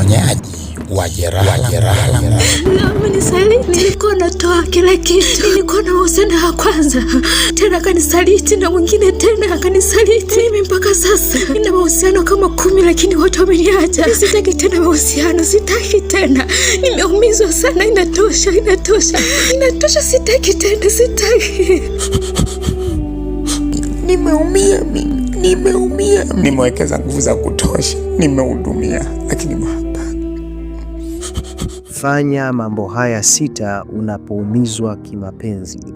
mfanyaji wa jeraha. Amenisaliti, nilikuwa natoa kila kitu, niko na uhusiano wa kwanza, tena akanisaliti na mwingine tena akanisaliti. Mimi mpaka sasa nina mahusiano kama kumi, lakini wote wameniacha. Sitaki tena mahusiano, sitaki tena, nimeumizwa sana. Inatosha, inatosha, inatosha, sitaki tena, sitaki nimeumia mimi, nimeumia, nimewekeza nguvu za kutosha, nimehudumia, lakini Fanya mambo haya sita unapoumizwa kimapenzi.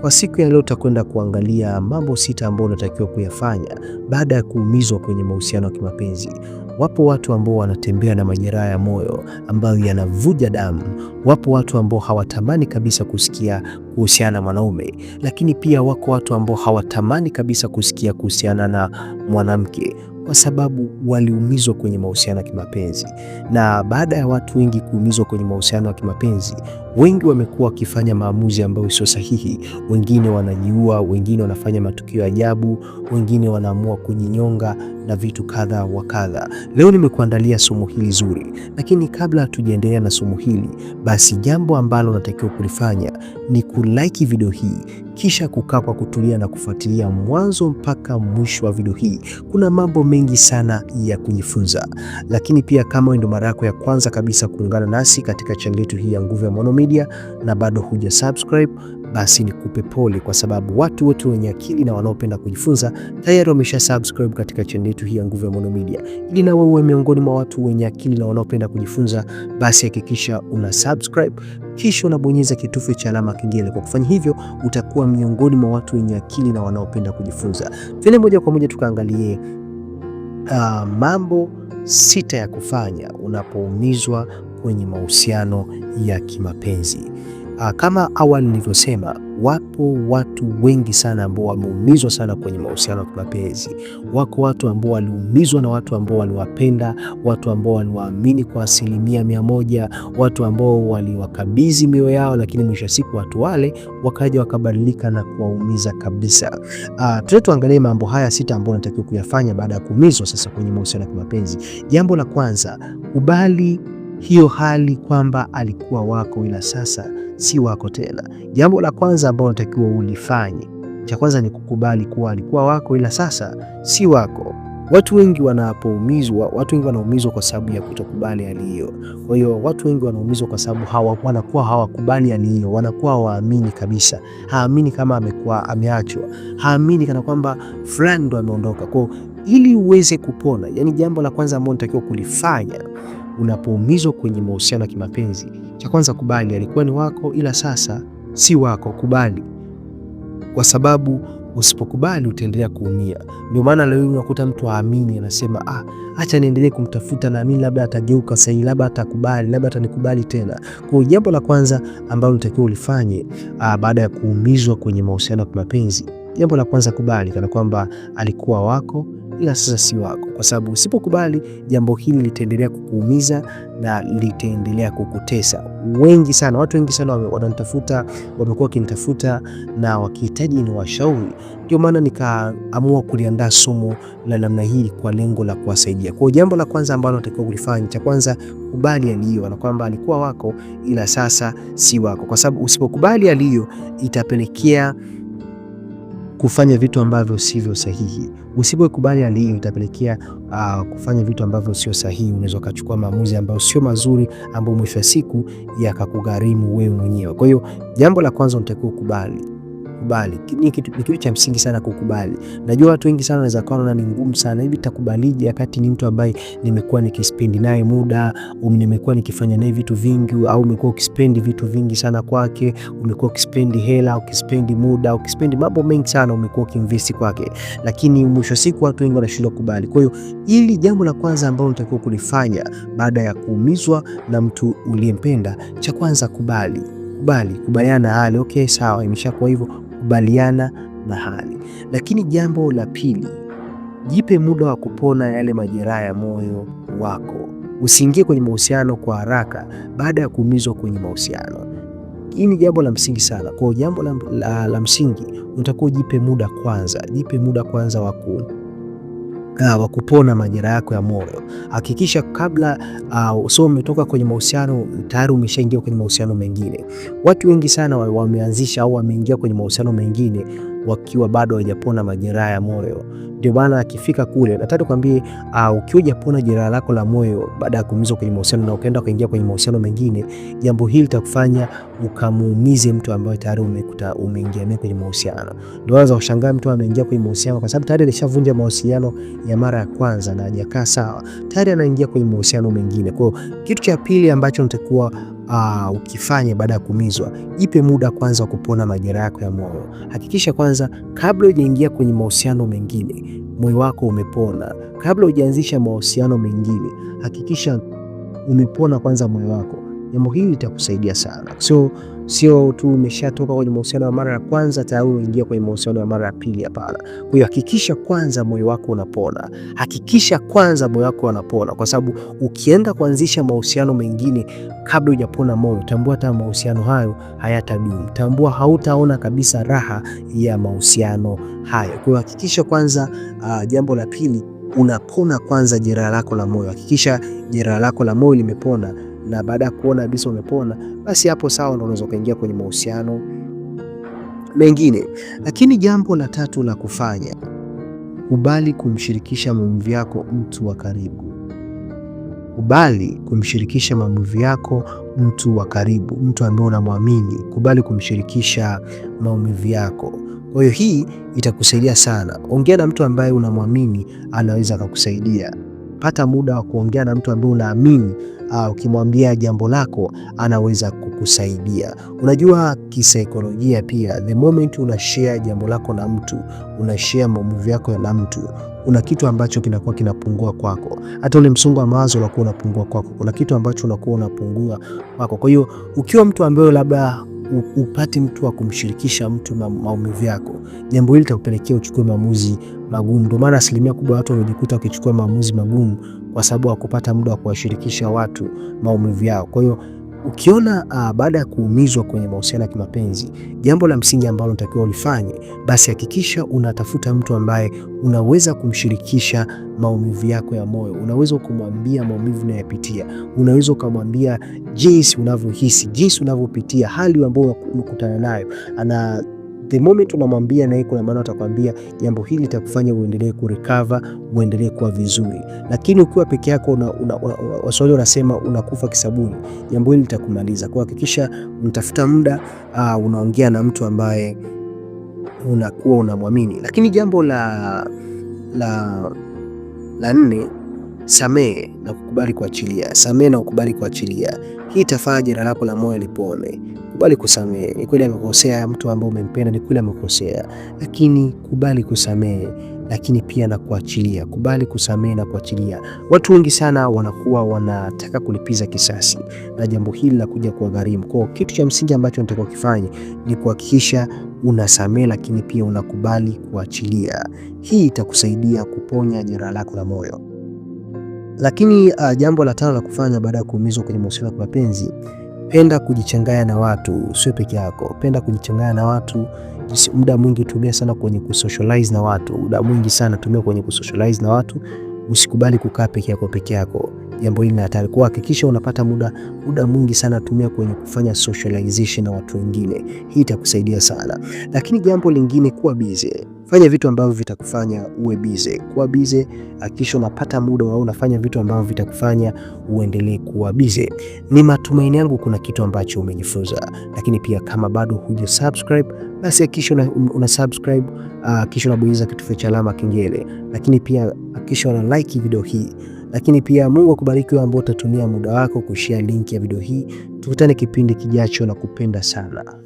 Kwa siku ya leo utakwenda kuangalia mambo sita ambayo unatakiwa kuyafanya baada ya kuumizwa kwenye mahusiano ya kimapenzi. Wapo watu ambao wanatembea na majeraha ya moyo ambayo yanavuja damu. Wapo watu ambao hawatamani kabisa kusikia kuhusiana na mwanaume, lakini pia wako watu ambao hawatamani kabisa kusikia kuhusiana na mwanamke kwa sababu waliumizwa kwenye mahusiano ya kimapenzi. Na baada ya watu wengi kuumizwa kwenye mahusiano ya kimapenzi, wengi wamekuwa wakifanya maamuzi ambayo sio sahihi. Wengine wanajiua, wengine wanafanya matukio ajabu, wengine wanaamua kujinyonga na vitu kadha wa kadha. Leo nimekuandalia somo hili zuri, lakini kabla hatujaendelea na somo hili, basi jambo ambalo unatakiwa kulifanya ni kulike video hii kisha kukaa kwa kutulia na kufuatilia mwanzo mpaka mwisho wa video hii. Kuna mambo mengi sana ya kujifunza, lakini pia kama ndo mara yako ya kwanza kabisa kuungana nasi katika chaneli yetu hii ya Nguvu ya Maono Media na bado huja subscribe basi nikupe pole, kwa sababu watu wote wenye akili na wanaopenda kujifunza tayari wamesha subscribe katika channel yetu hii ya Nguvu ya Maono Media. Ili na wewe miongoni mwa watu wenye akili na wanaopenda kujifunza, basi hakikisha una subscribe kisha unabonyeza kitufe cha alama kengele. Kwa kufanya hivyo, utakuwa miongoni mwa watu wenye akili na wanaopenda kujifunza. Twende moja kwa moja tukaangalie uh, mambo sita ya kufanya unapoumizwa kwenye mahusiano ya kimapenzi. Ah, kama awali nilivyosema, wapo watu wengi sana ambao wameumizwa sana kwenye mahusiano ya kimapenzi. Wako watu ambao waliumizwa na watu ambao waliwapenda, watu ambao waliwaamini kwa asilimia mia moja, watu ambao waliwakabidhi mioyo yao, lakini mwisho wa siku watu wale wakaja wakabadilika na kuwaumiza kabisa. Ah, Tue tuangalie mambo haya sita ambao unatakiwa kuyafanya baada ya kuumizwa sasa kwenye mahusiano ya kimapenzi. Jambo la kwanza, kubali hiyo hali kwamba alikuwa wako, ila sasa si wako tena. Jambo la kwanza ambalo unatakiwa ulifanye, cha kwanza ni kukubali kuwa alikuwa wako, ila sasa si wako. Watu wengi wanapoumizwa, watu wengi wanaumizwa kwa sababu ya kutokubali aliyo. Kwa hiyo watu wengi wanaumizwa kwa sababu hawa, wanakuwa hawakubali aliyo, wanakuwa hawaamini kabisa, haamini kama amekuwa ameachwa, haamini kana kwamba fulani ndo ameondoka kwao. Ili uweze kupona, yani jambo la kwanza ambalo unatakiwa kulifanya unapoumizwa kwenye mahusiano ya kimapenzi, cha kwanza kubali, alikuwa ni wako ila sasa si wako. Kubali, kwa sababu usipokubali utaendelea kuumia. Ndio maana leo unakuta mtu aamini, anasema ah, acha niendelee kumtafuta, mimi labda atageuka sahihi, labda atakubali, labda atanikubali tena. Kwa hiyo jambo la kwanza ambalo unatakiwa ulifanye ah, baada ya kuumizwa kwenye mahusiano ya kimapenzi, jambo la kwanza kubali, kana kwamba alikuwa wako ila sasa si wako, kwa sababu usipokubali jambo hili litaendelea kukuumiza na litaendelea kukutesa. Wengi sana, watu wengi sana wananitafuta, wamekuwa wakinitafuta na wakihitaji ni washauri. Ndio maana nikaamua kuliandaa somo la namna hii kwa lengo la kuwasaidia. Kwa jambo la kwanza ambalo natakiwa kulifanya, cha kwanza kubali aliyo, na kwamba alikuwa wako ila sasa si wako, kwa sababu usipokubali aliyo itapelekea kufanya vitu ambavyo sivyo sahihi. Usipokubali hali hii, itapelekea uh, ah, kufanya vitu ambavyo sio sahihi. Unaweza ukachukua maamuzi ambayo sio mazuri, ambayo mwisho wa siku yakakugharimu wewe mwenyewe. Kwa hiyo jambo la kwanza unatakiwa ukubali kukubali. Ni kitu ni kitu cha msingi sana kukubali. Najua watu wengi sana wanaweza kuwa ni ngumu sana hivi, nitakubalije wakati ni mtu ambaye nimekuwa nikispendi naye muda, um, nimekuwa nikifanya naye vitu vingi, au umekuwa ukispendi vitu vingi sana kwake, umekuwa ukispendi hela, ukispendi muda, ukispendi mambo mengi sana, umekuwa ukimvisi kwake, lakini mwisho siku watu wengi wanashindwa kukubali. Kwa hiyo ili jambo la kwanza ambalo unatakiwa kulifanya baada ya kuumizwa na mtu uliyempenda, cha kwanza kubali, kubali, kubaliana na hali. Okay, sawa, imeshakuwa hivyo kukubaliana na hali. Lakini jambo la pili, jipe muda wa kupona yale majeraha ya moyo wako. Usiingie kwenye mahusiano kwa haraka baada ya kuumizwa kwenye mahusiano. Hii ni jambo la msingi sana. Kwa jambo la, la, la msingi unatakiwa ujipe muda kwanza, jipe muda kwanza wa uh, wa kupona majira yako ya moyo. Hakikisha kabla uh, ah, so umetoka kwenye mahusiano tayari umeshaingia kwenye mahusiano mengine. Watu wengi sana wameanzisha au wameingia kwenye mahusiano mengine wakiwa bado hawajapona majeraha ya moyo. Ndio maana akifika kule, nataka tukwambie, uh, ah, ukiwa hujapona jeraha lako la moyo baada ya kuumizwa kwenye mahusiano na ukaenda ukaingia kwenye mahusiano mengine, jambo hili litakufanya ukamuumize mtu ambaye tayari umekuta umeingia naye kwenye mahusiano. Ndio unaweza kushangaa mtu ameingia kwenye mahusiano kwa sababu tayari alishavunja mahusiano ya mara ya kwanza na hajakaa sawa, tayari anaingia kwenye mahusiano mengine. Kwa hiyo kitu cha pili ambacho nitakuwa aa, ah, ukifanye baada ya kuumizwa, jipe muda kwanza wa kupona majeraha yako ya moyo. Hakikisha kwanza kabla hujaingia kwenye mahusiano mengine moyo wako umepona. Kabla hujaanzisha mahusiano mengine, hakikisha umepona kwanza moyo wako. Jambo hili litakusaidia sana so sio tu umeshatoka kwenye mahusiano ya mara ya kwanza tayari unaingia kwenye mahusiano ya mara ya pili. Hapana. Kwa hiyo hakikisha kwanza moyo wako unapona, hakikisha kwanza moyo wako unapona, kwa sababu ukienda kuanzisha mahusiano mengine kabla hujapona moyo, tambua hata mahusiano hayo hayatadumu, tambua hautaona kabisa raha ya mahusiano hayo. Kwa hiyo hakikisha kwanza, uh, jambo la pili unapona kwanza jeraha lako la moyo. Hakikisha jeraha lako la moyo limepona na baada ya kuona kabisa umepona, basi hapo sawa, ndo unaweza kuingia kwenye mahusiano mengine. Lakini jambo la tatu la kufanya, kubali kumshirikisha maumivu yako mtu wa karibu. Kubali kumshirikisha maumivu yako mtu wa karibu, mtu ambaye unamwamini. Kubali kumshirikisha maumivu yako. Kwa hiyo hii itakusaidia sana. Ongea na mtu ambaye unamwamini, anaweza akakusaidia. Pata muda wa kuongea na mtu ambaye unaamini uh, ukimwambia jambo lako anaweza kukusaidia. Unajua kisaikolojia pia, the moment una share jambo lako na mtu, una share maumivu yako na mtu kuna kitu ambacho kinakuwa kinapungua kwako, hata ule msongo wa mawazo unakuwa unapungua kwako. Kuna kitu ambacho unakuwa unapungua kwako. Kwa hiyo ukiwa mtu ambaye labda upati mtu wa kumshirikisha mtu maumivu yako, jambo hili litakupelekea uchukue maamuzi magumu. Ndio maana asilimia kubwa watu wamejikuta wakichukua maamuzi magumu kwa sababu hakupata muda wa kuwashirikisha watu maumivu yao. Kwa hiyo ukiona uh, baada ya kuumizwa kwenye mahusiano ya kimapenzi, jambo la msingi ambalo unatakiwa ulifanye, basi hakikisha unatafuta mtu ambaye unaweza kumshirikisha maumivu yako ya moyo. Unaweza kumwambia maumivu unayopitia, unaweza ukamwambia jinsi unavyohisi, jinsi unavyopitia hali ambayo unakutana nayo ana the moment unamwambia naye, kuna maana atakwambia jambo hili litakufanya uendelee kurecover, uendelee kuwa vizuri. Lakini ukiwa peke yako una, una, una, Waswahili wanasema unakufa kisabuni, jambo hili litakumaliza. Kwa hakikisha mtafuta muda uh, unaongea na mtu ambaye unakuwa unamwamini. Lakini jambo la, la, la nne Samehe na kukubali kuachilia. Samehe na kukubali kuachilia, hii itafanya jeraha lako la moyo lipone kubali kusamehe. Ni kweli amekosea, mtu ambaye umempenda ni kweli amekosea, lakini kubali kusamehe, lakini pia na kuachilia. Kubali kusamehe na kuachilia. Watu wengi sana wanakuwa wanataka kulipiza kisasi na jambo hili la kuja kwa gharimu kwao. Kitu cha msingi ambacho unatakiwa kufanya ni kuhakikisha unasamehe, lakini pia unakubali kuachilia. Hii itakusaidia kuponya jeraha lako la moyo. Lakini uh, jambo la tano la kufanya baada ya kuumizwa kwenye mahusiano ya kimapenzi penda kujichanganya na watu, sio peke yako. Penda kujichanganya na watu. Muda mwingi tumia sana kwenye kusocialize na watu, muda mwingi sana tumia kwenye kusocialize na watu. Usikubali kukaa peke yako peke yako, jambo hili ni hatari. Kwa hakikisha unapata muda muda mwingi sana tumia kwenye kufanya socialization na watu wengine, hii itakusaidia sana. Lakini jambo lingine, kuwa busy. Fanya vitu ambavyo vitakufanya uwe bize, kuwa bize. Hakikisha unapata muda wa unafanya vitu ambavyo vitakufanya uendelee kuwa bize. Ni matumaini yangu kuna kitu ambacho umejifunza, lakini pia kama bado huja subscribe, basi hakikisha una, una subscribe ah, hakikisha uh, unabonyeza kitufe cha alama kengele, lakini pia hakikisha una like video hii lakini pia Mungu akubariki wewe ambao utatumia muda wako kushare link ya video hii. Tukutane kipindi kijacho na kupenda sana.